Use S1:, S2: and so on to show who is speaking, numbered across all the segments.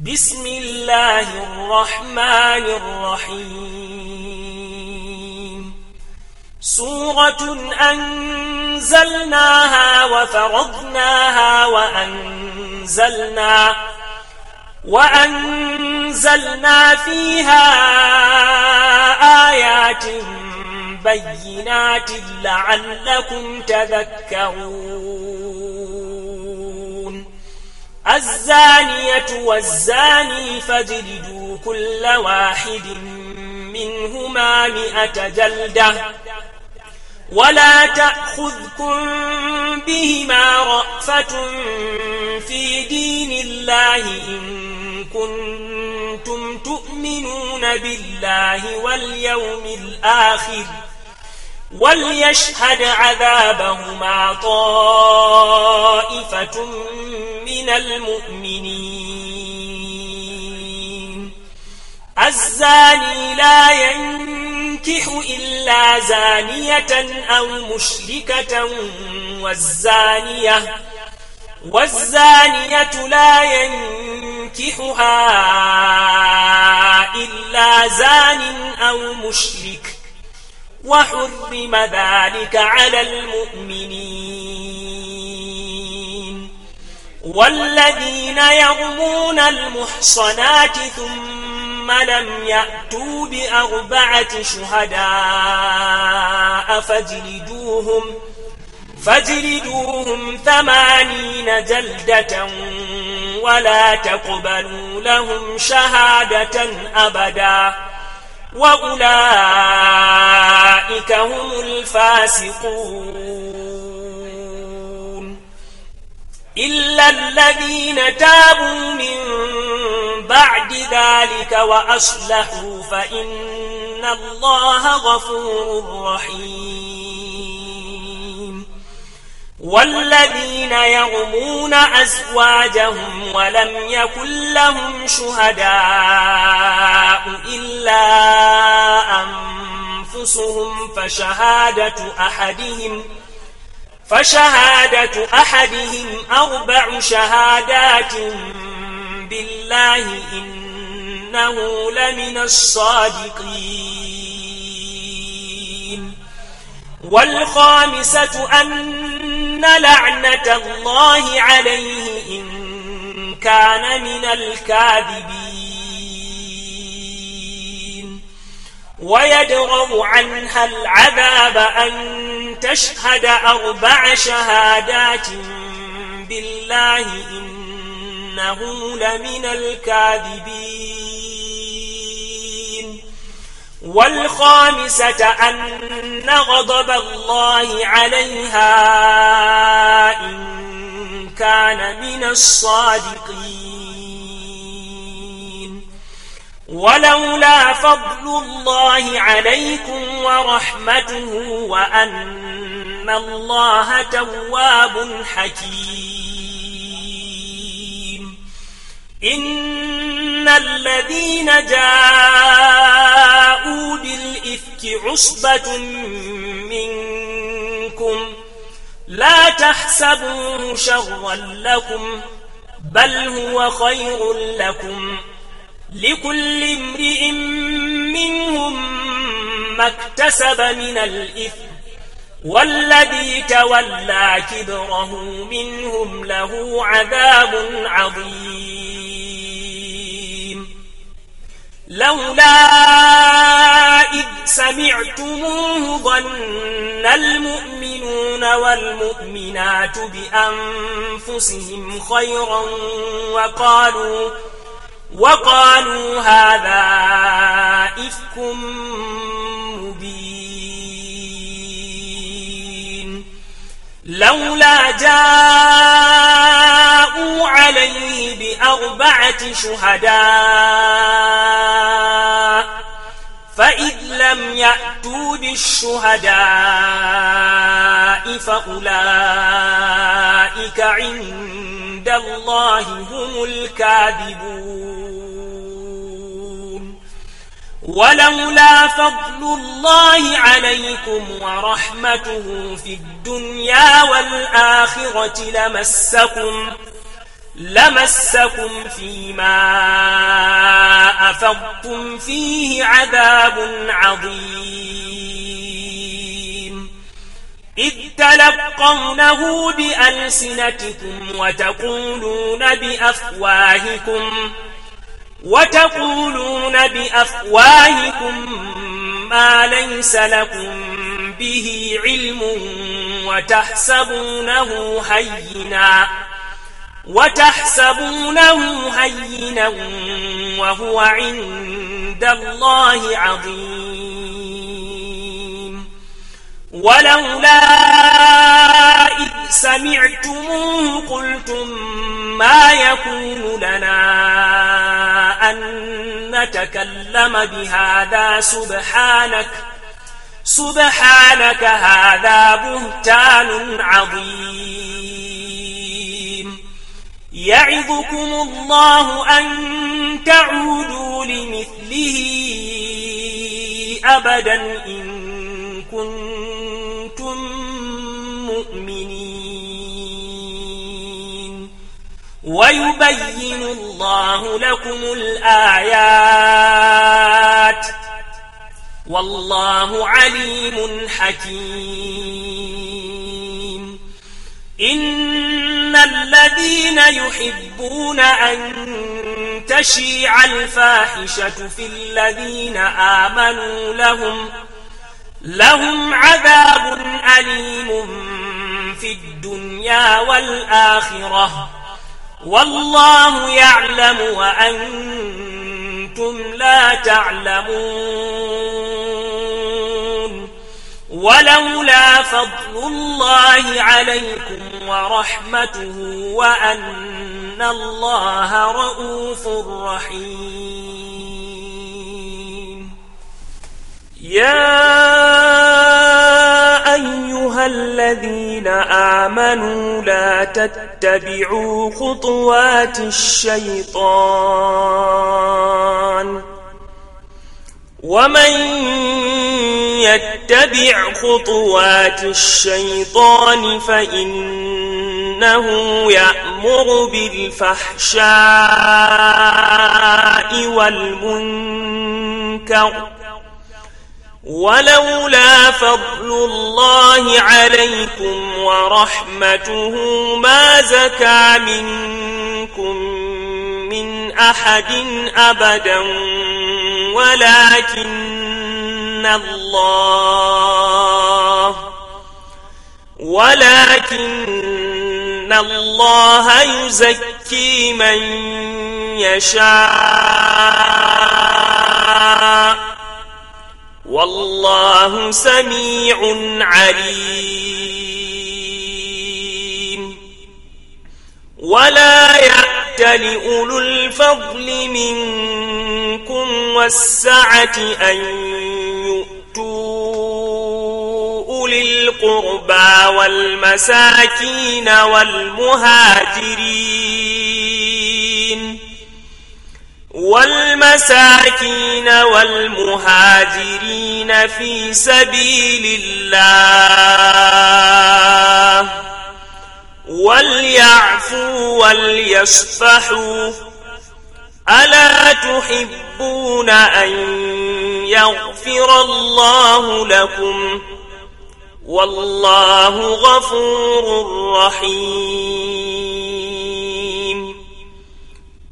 S1: بسم الله الرحمن الرحيم سورة أنزلناها وفرضناها وأنزلنا وأنزلنا فيها آيات بينات لعلكم تذكرون الزانية والزاني فاجلدوا كل واحد منهما مئة جلدة ولا تأخذكم بهما رأفة في دين الله إن كنتم تؤمنون بالله واليوم الآخر وليشهد عذابهما طائفة من المؤمنين الزاني لا ينكح إلا زانية أو مشركة والزانية والزانية لا ينكحها إلا زان أو مشرك وحرم ذلك على المؤمنين والذين يرمون المحصنات ثم لم يأتوا بأربعة شهداء فاجلدوهم فاجلدوهم ثمانين جلدة ولا تقبلوا لهم شهادة أبداً وأولئك هم الفاسقون إلا الذين تابوا من بعد ذلك وأصلحوا فإن الله غفور رحيم والذين يغمون أزواجهم ولم يكن لهم شهداء إلا أنفسهم فشهادة أحدهم فشهادة أحدهم أربع شهادات بالله إنه لمن الصادقين والخامسة أن إن لعنة الله عليه إن كان من الكاذبين ويدرؤ عنها العذاب أن تشهد أربع شهادات بالله إنه لمن الكاذبين والخامسة أن غضب الله عليها إن كان من الصادقين ولولا فضل الله عليكم ورحمته وأن الله تواب حكيم إن الذين جاءوا الإفك عصبة منكم لا تحسبوه شرا لكم بل هو خير لكم لكل امرئ منهم ما اكتسب من الإثم والذي تولى كبره منهم له عذاب عظيم لولا إذ سمعتموه ظن المؤمنون والمؤمنات بأنفسهم خيرا وقالوا وقالوا هذا إفك مبين لولا جاءوا عليه بأربعة شهداء فإذ لم يأتوا بالشهداء فأولئك عند الله هم الكاذبون ولولا فضل الله عليكم ورحمته في الدنيا والآخرة لمسكم لمسكم فيما أفضتم فيه عذاب عظيم إذ تلقونه بألسنتكم وتقولون بأفواهكم وتقولون بأفواهكم ما ليس لكم به علم وتحسبونه هينا وتحسبونه هينا وهو عند الله عظيم ولولا إذ سمعتموه قلتم ما يكون لنا أن نتكلم بهذا سبحانك سبحانك هذا بهتان عظيم يعظكم الله أن تعودوا لمثله أبدا إن ويبين الله لكم الآيات والله عليم حكيم إن الذين يحبون أن تشيع الفاحشة في الذين آمنوا لهم لهم عذاب أليم في الدنيا والآخرة والله يعلم وأنتم لا تعلمون ولولا فضل الله عليكم ورحمته وأن الله رؤوف رحيم واتبعوا خطوات الشيطان ومن يتبع خطوات الشيطان فإنه يأمر بالفحشاء والمنكر ولولا فضل الله عليكم ورحمته ما زكى منكم من أحد أبدا ولكن الله ولكن الله يزكي من يشاء والله سميع عليم ولا يأتل أولو الفضل منكم والسعة أن يؤتوا أولي القربى والمساكين والمهاجرين والمساكين والمهاجرين في سبيل الله وليعفوا وليصفحوا ألا تحبون أن يغفر الله لكم والله غفور رحيم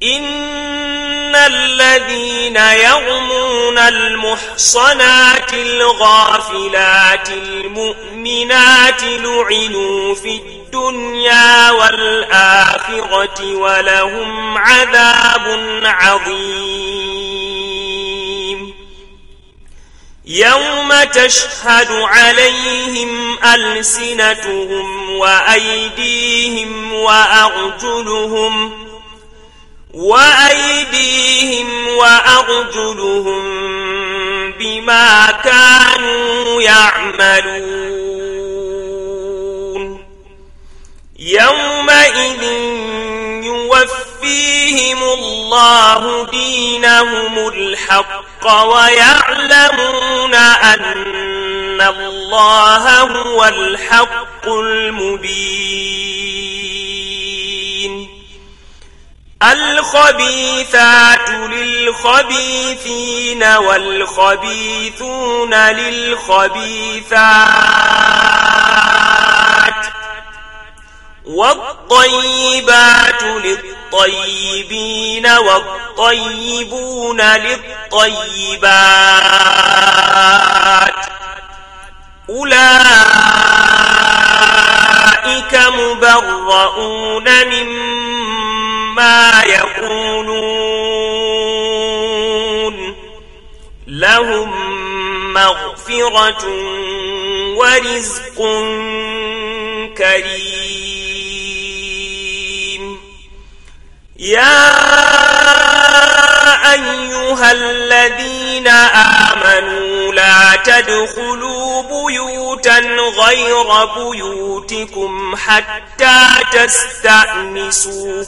S1: إن الذين يرمون المحصنات الغافلات المؤمنات لعنوا في الدنيا والآخرة ولهم عذاب عظيم يوم تشهد عليهم ألسنتهم وأيديهم وأرجلهم وأيديهم وأرجلهم بما كانوا يعملون يومئذ يوفيهم الله دينهم الحق ويعلمون أن الله هو الحق المبين الخبيثات للخبيثين والخبيثون للخبيثات والطيبات للطيبين والطيبون للطيبات أولئك مبرؤون مما ما يقولون لهم مغفرة ورزق كريم يا أيها الذين آمنوا لا تدخلوا بيوتا غير بيوتكم حتى تستأنسوا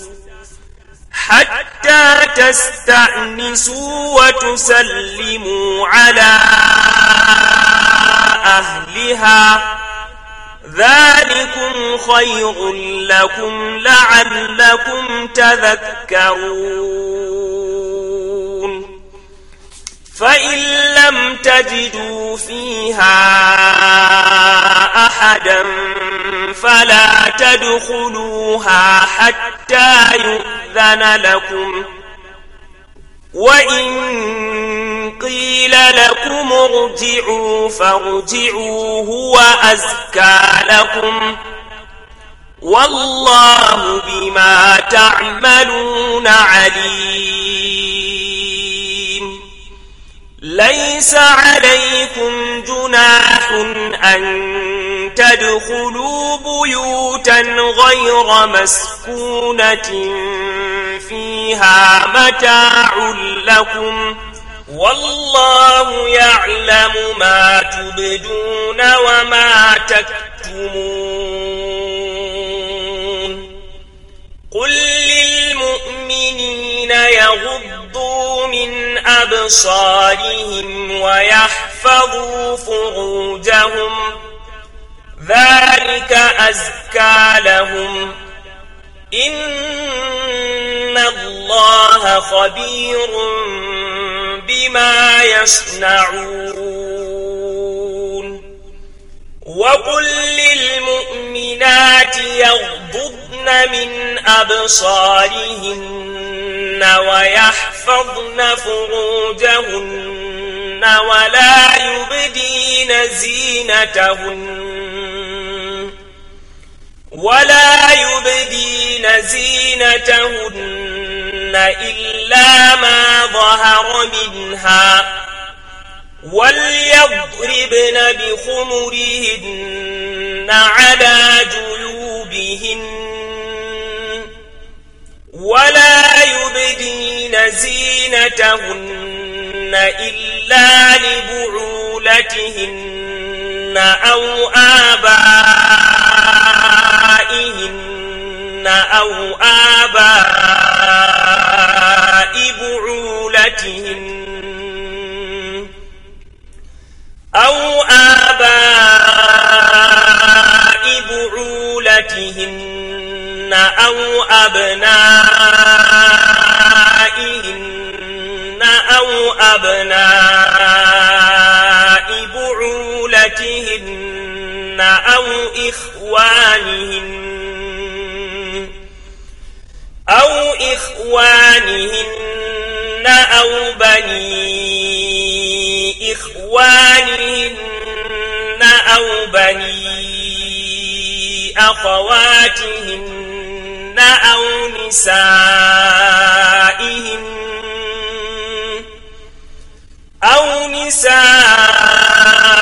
S1: حتى تستأنسوا وتسلموا على أهلها ذلكم خير لكم لعلكم تذكرون فإن لم تجدوا فيها أحدا فلا تدخلوها حتى يؤذن لكم وإن قيل لكم ارجعوا فارجعوا هو أزكى لكم والله بما تعملون عليم ليس عليكم جناح أن تدخلوا بيوتا غير مسكونة فيها متاع لكم والله يعلم ما تبدون وما تكتمون قل للمؤمنين يغضوا من أبصارهم ويحفظوا فروجهم ذلك أزكى لهم إن الله خبير بما يصنعون وقل للمؤمنات يغضضن من أبصارهن ويحفظن فروجهن ولا يبدين زينتهن ولا يبدين زينتهن إلا ما ظهر منها وليضربن بخمرهن على جيوبهن ولا يبدين زينتهن إلا لبعولتهن أو آبائهن أو آباء بعولتهن أو آباء بعولتهن أو أبنائهن أو أبناء بعولتهن بعولتهن أو إخوانهن أو إخوانهن أو بني إخوانهن أو بني أخواتهن أو نسائهن أو نسائهن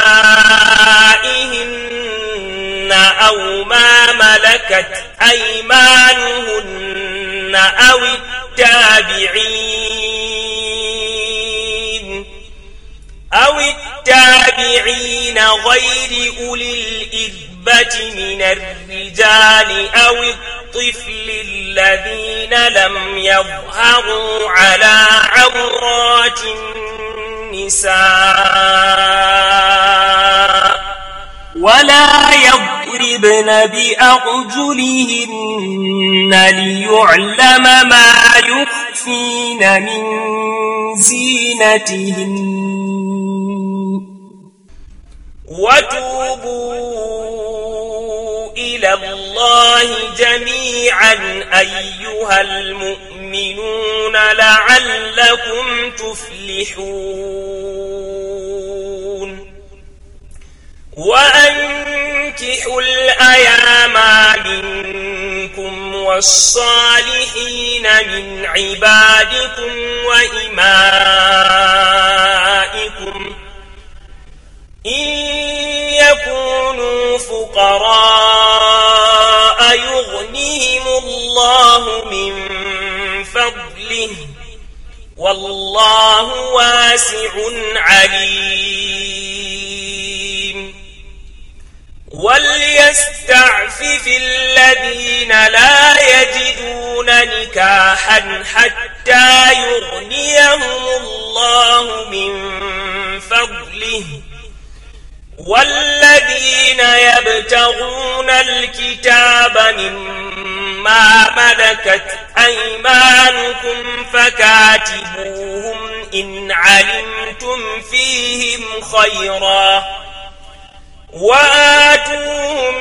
S1: أزواجهن أو ما ملكت أيمانهن أو التابعين أو التابعين غير أولي الإذبة من الرجال أو الطفل الذين لم يظهروا على عورات النساء ولا يضربن بأرجلهن ليعلم ما يخفين من زينتهن وتوبوا إلى الله جميعا أيها المؤمنون لعلكم تفلحون وأنكحوا الأيام منكم والصالحين من عبادكم وإمائكم إن يكونوا فقراء يغنيهم الله من فضله والله واسع عليم وليستعفف الذين لا يجدون نكاحا حتى يغنيهم الله من فضله والذين يبتغون الكتاب مما ملكت أيمانكم فكاتبوهم إن علمتم فيهم خيراً وآتوهم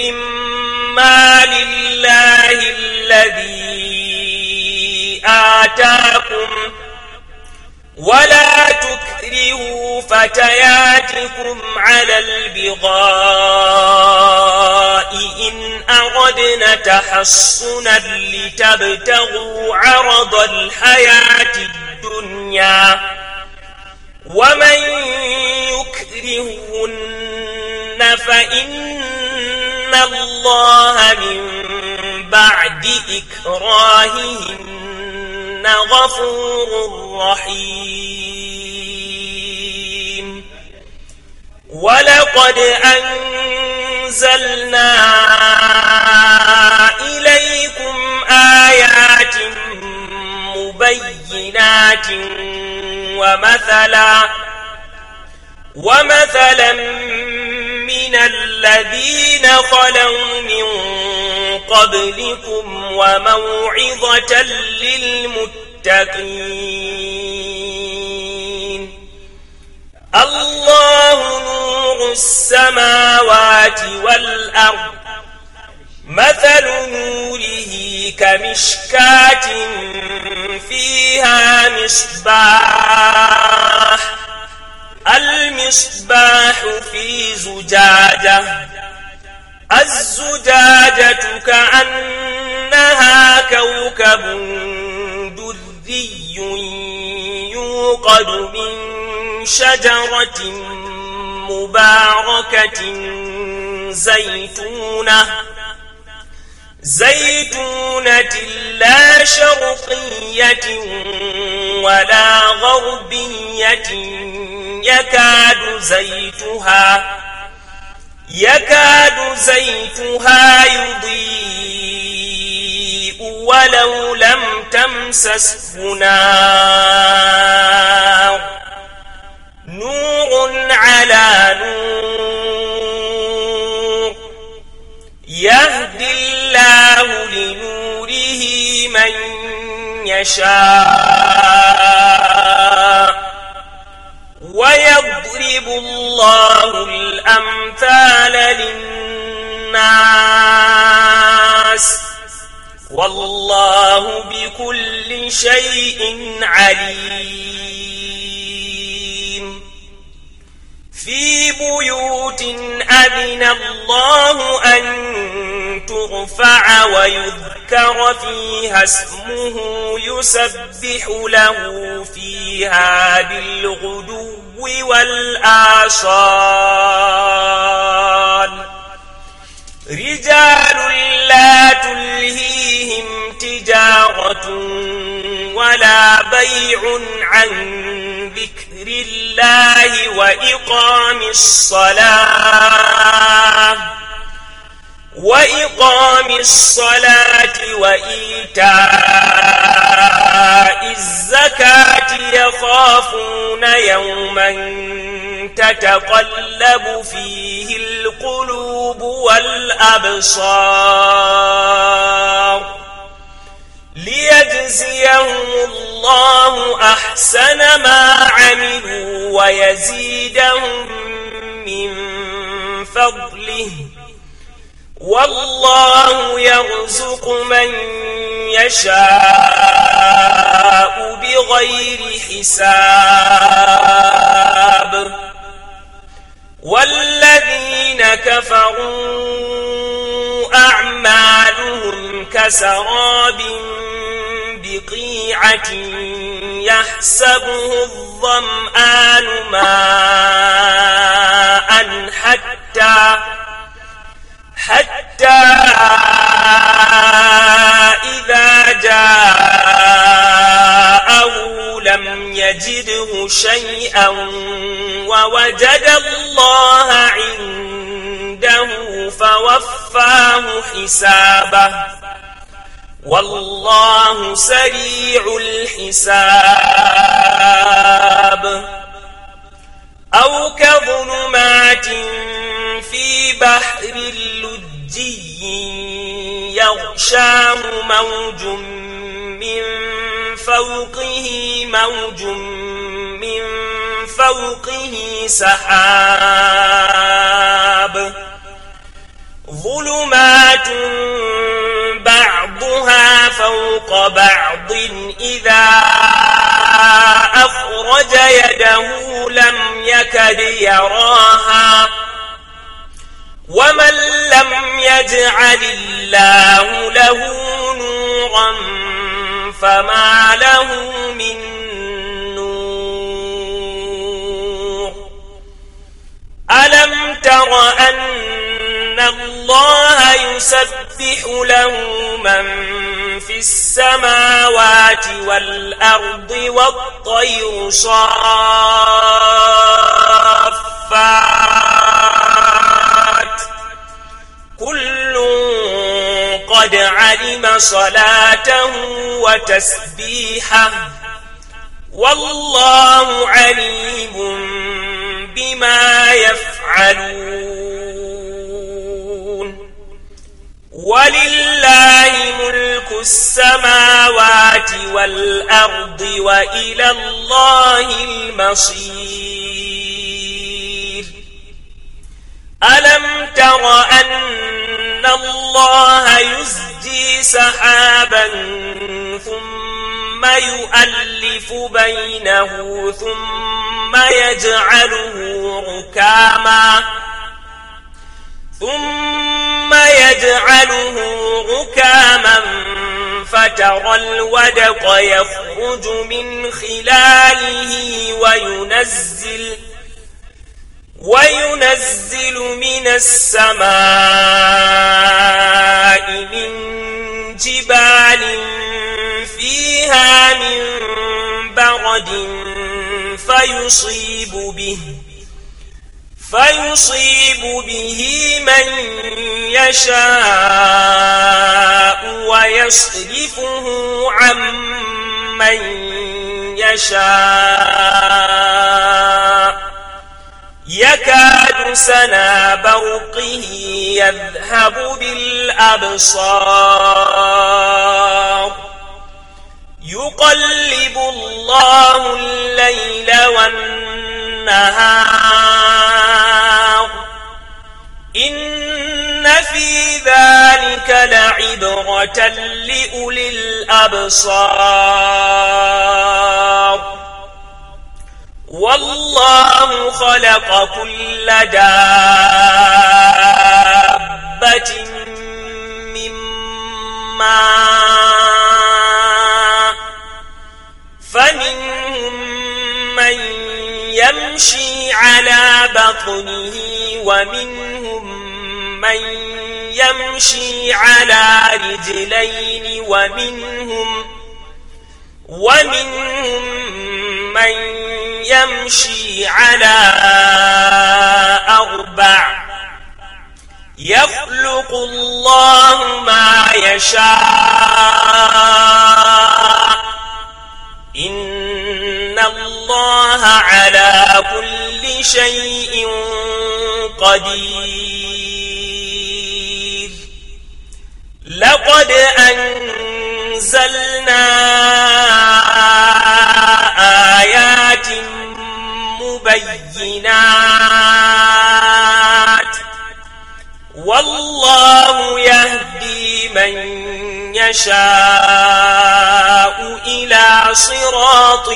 S1: مما لله الذي آتاكم ولا تكرهوا فتياتكم على البغاء إن أردنا تحصنا لتبتغوا عرض الحياة الدنيا ومن يكرهن فإن الله من بعد إكراههن غفور رحيم ولقد أنزلنا إليكم آيات مبينات ومثلا ومثلا من الذين خلوا من قبلكم وموعظة للمتقين الله نور السماوات والأرض مثل نوره كمشكاة فيها مصباح المصباح في زجاجة الزجاجة كأنها كوكب دري يوقد من شجرة مباركة زيتونه زيتونة لا شرقية ولا غربية يكاد زيتها يكاد زيتها يضيء ولو لم تمسسه نار نور على نور يهدي الله لنوره من يشاء ويضرب الله الأمثال للناس والله بكل شيء عليم في بيوت أذن الله أن ترفع ويذكر فيها اسمه يسبح له فيها بالغدو والآصال رجال لا تلهيهم تجارة ولا بيع عن ذكر الله وإقام الصلاة وإقام الصلاة وإيتاء الزكاة يخافون يوما تتقلب فيه القلوب والأبصار ليجزيهم الله أحسن ما عملوا ويزيدهم من فضله والله يرزق من يشاء بغير حساب والذين كفروا أعمالهم كسراب بقيعة يحسبه الظمآن ماء حتى حتى إذا جاءه لم يجده شيئا ووجد الله عنده فوفاه حسابه والله سريع الحساب أو كظلمات في بحر اللجي يغشاه موج من فوقه موج من فوقه سحاب ظلمات بعضها فوق بعض إذا أخرج يده لم يكد يراها ومن لم يجعل الله له نورا فما له من نور ألم تر أن الله يسبح له من في السماوات والأرض والطير صافات كل قد علم صلاته وتسبيحه والله عليم بما يفعلون ولله ملك السماوات والأرض وإلى الله المصير ألم تر أن أن الله يزجي سحابا ثم يؤلف بينه ثم يجعله ركاما ثم يجعله ركاما فترى الودق يخرج من خلاله وينزل وينزل من السماء من جبال فيها من برد فيصيب به فيصيب به من يشاء ويصرفه عن من يشاء يكاد سنا برقه يذهب بالأبصار يقلب الله الليل والنهار إن في ذلك لعبرة لأولي الأبصار والله خلق كل دابة مما فمنهم من يمشي على بطنه ومنهم من يمشي على رجلين ومنهم ومنهم من يمشي على أربع يخلق الله ما يشاء إن الله على كل شيء قدير لقد أنزلنا آيات بينات والله يهدي من يشاء إلى صراط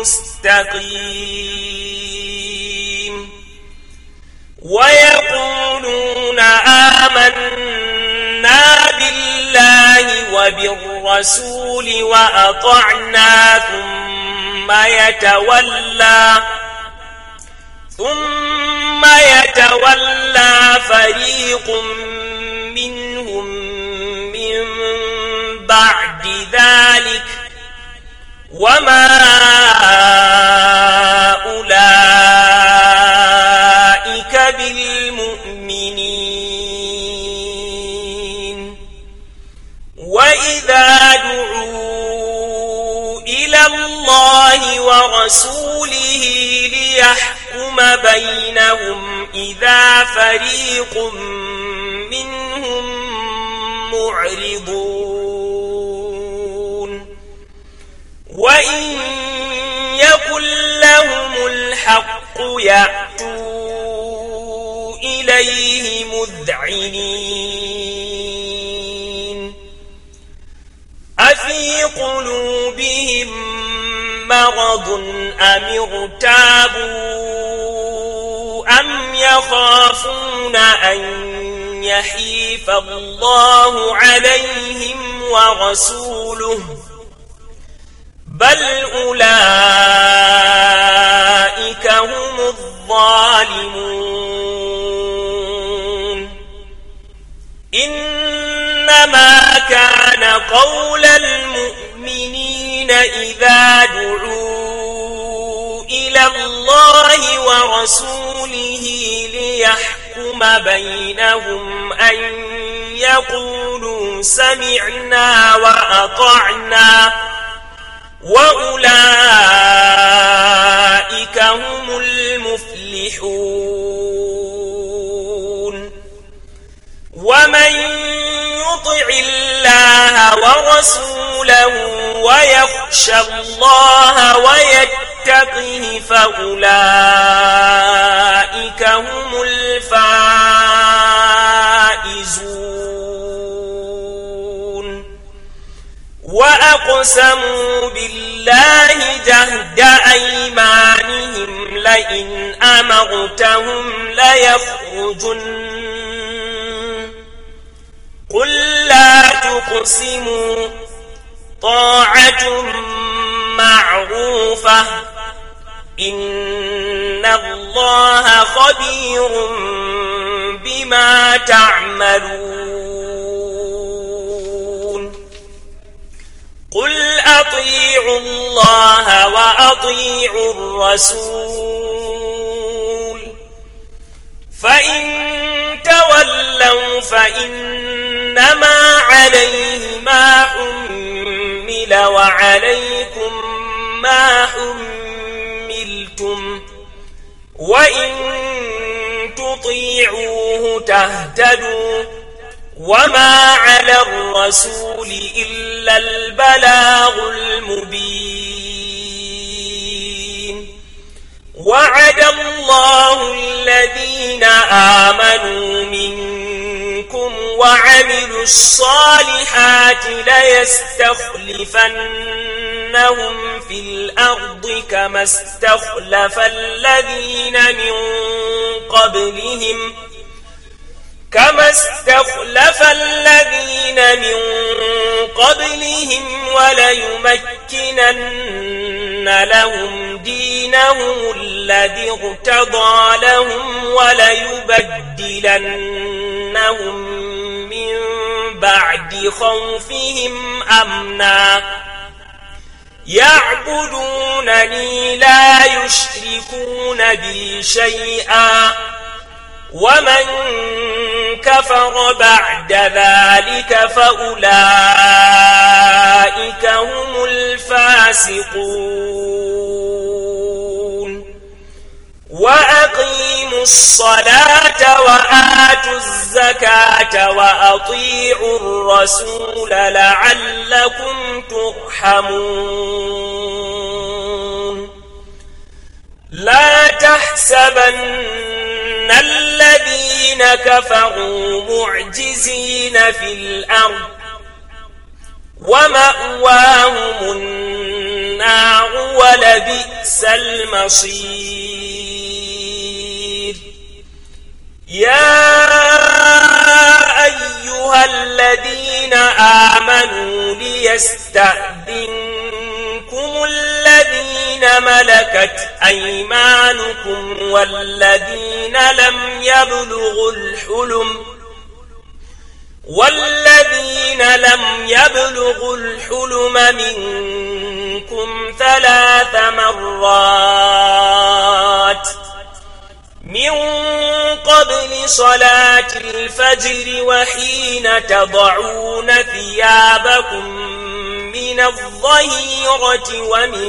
S1: مستقيم ويقولون آمنا بالله وبالرسول وأطعنا ثم ثم يتولى ثم يتولى فريق منهم من بعد ذلك وما ورسوله ليحكم بينهم إذا فريق منهم معرضون وإن يقل لهم الحق يأتوا إليه مذعنين أفي قلوبهم مرض أم اغتابوا أم يخافون أن يحيف الله عليهم ورسوله بل أولئك هم الظالمون إنما كان قولا إذا دعوا إلى الله ورسوله ليحكم بينهم أن يقولوا سمعنا وأطعنا وأولئك هم المفلحون ومن يطع الله ورسوله ويخشى الله ويتقه فأولئك هم الفائزون وأقسموا بالله جهد أيمانهم لئن أمرتهم ليخرجن قل لا تقسموا طاعة معروفة إن الله خبير بما تعملون قل أطيعوا الله وأطيعوا الرسول فإن تولوا فإن إنما عليه ما أمل وعليكم ما أملتم وإن تطيعوه تهتدوا وما على الرسول إلا البلاغ المبين وعد الله الذين آمنوا منكم منهم وعملوا الصالحات ليستخلفنهم في الأرض كما استخلف الذين من قبلهم كما استخلف الذين من قبلهم وليمكنن لهم دينهم الذي ارتضى لهم وليبدلنهم بعد خوفهم أمنا يعبدونني لا يشركون بي شيئا ومن كفر بعد ذلك فأولئك هم الفاسقون وأقيموا الصلاة وآتوا الزكاة وأطيعوا الرسول لعلكم ترحمون لا تحسبن الذين كفروا معجزين في الأرض ومأواهم النار ولبئس المصير يا أيها الذين آمنوا ليستأذنكم الذين ملكت أيمانكم والذين لم يبلغوا الحلم والذين لم يبلغوا الحلم منكم ثلاث مرات من قبل صلاة الفجر وحين تضعون ثيابكم من الظهيرة ومن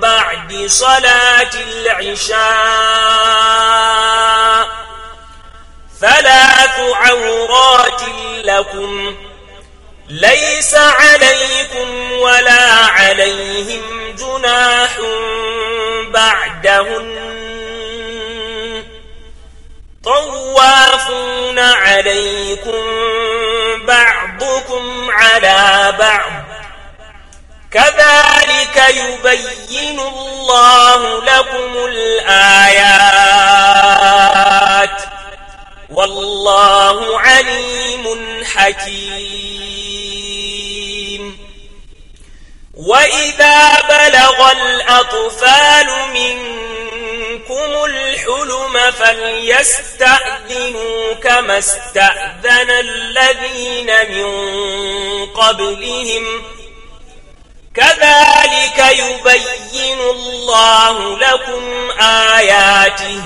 S1: بعد صلاة العشاء ثلاث عورات لكم
S2: ليس
S1: عليكم ولا عليهم جناح بعدهن طوافون عليكم بعضكم على بعض كذلك يبين الله لكم الآيات والله عليم حكيم وإذا بلغ الأطفال منكم الحلم فليستأذنوا كما استأذن الذين من قبلهم كذلك يبين الله لكم آياته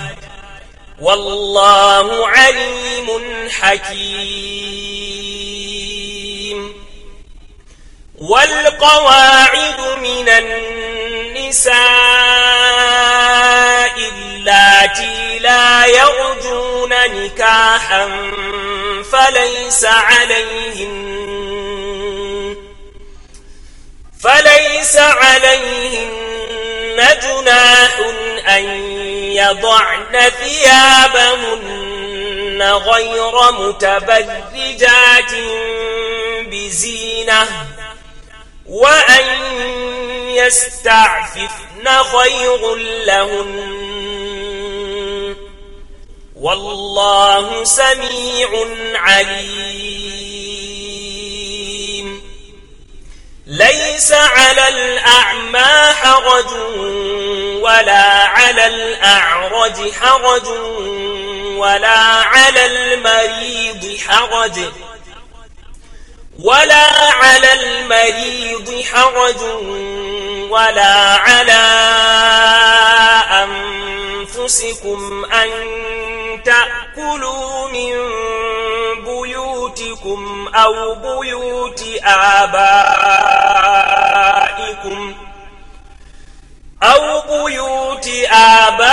S1: والله عليم حكيم والقواعد من النساء اللاتي لا يرجون نكاحا فليس عليهن فليس عليهن جناح أن يضعن ثيابهن غير متبرجات بزينة وأن يستعففن خير لهن والله سميع عليم ليس على الأعمى حرج ولا على الأعرج حرج ولا على المريض حرج ولا على المريض حرج ولا على أنفسكم أن تأكلوا من بيوتكم أو بيوت آبائكم أو بيوت آبائكم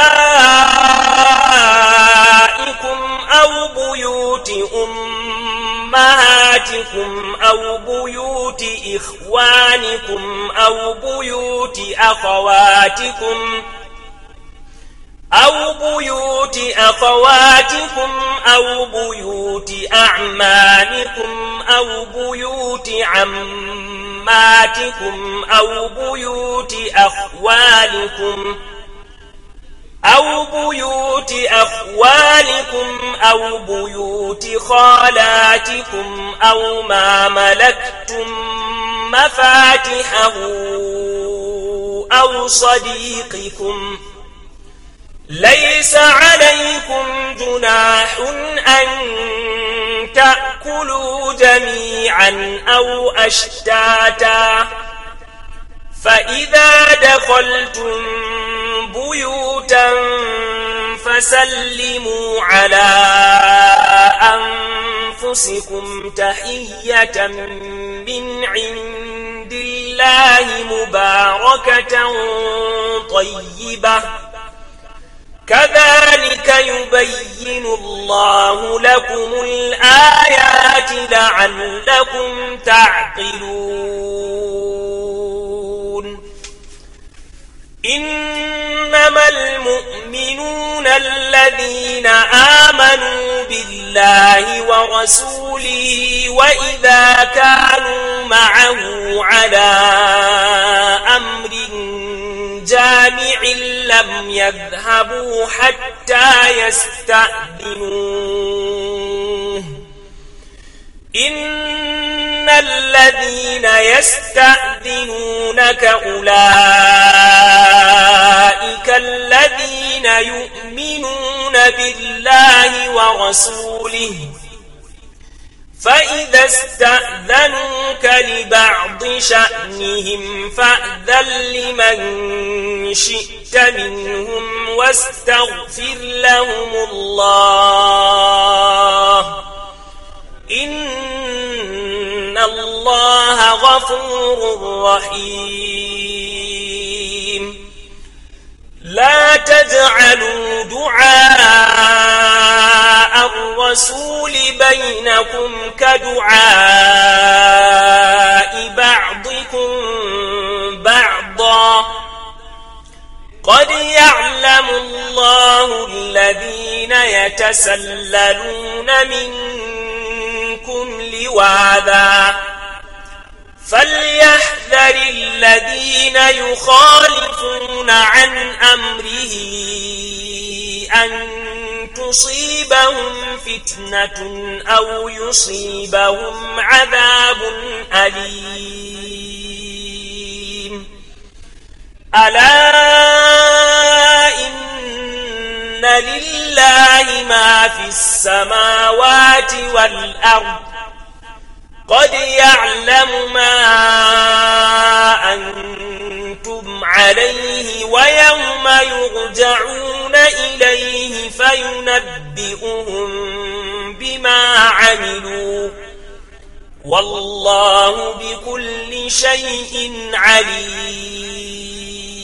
S1: أو بيوت أمهاتكم أو بيوت إخوانكم أو بيوت أخواتكم أو بيوت أخواتكم أو بيوت أعمالكم أو بيوت عماتكم أو بيوت أخوالكم أو بيوت أخوالكم أو بيوت خالاتكم أو ما ملكتم مفاتحه أو صديقكم ليس عليكم جناح أن تأكلوا جميعا أو أشتاتا فإذا دخلتم بيوتا فسلموا على أنفسكم تحية من عند الله مباركة طيبة كذلك يبين الله لكم الآيات لعلكم تعقلون إنما المؤمنون الذين آمنوا بالله ورسوله وإذا كانوا معه على أمر جامع لم يذهبوا حتى يستأذنوه إن الذين يستأذنونك أولئك الذين يؤمنون بالله ورسوله فإذا استأذنوك لبعض شأنهم فأذن لمن شئت منهم واستغفر لهم الله إن الله غفور رحيم لا تجعلوا دعاء الرسول بينكم كدعاء بعضكم بعضا قد يعلم الله الذين يتسللون منكم لواذا فليحذر الذين يخالفون عن أمره أن تصيبهم فتنة أو يصيبهم عذاب أليم ألا إن لله ما في السماوات والأرض قد يعلم ما أنتم عليه ويوم يرجعون إليه فينبئهم بما عملوا والله بكل شيء عليم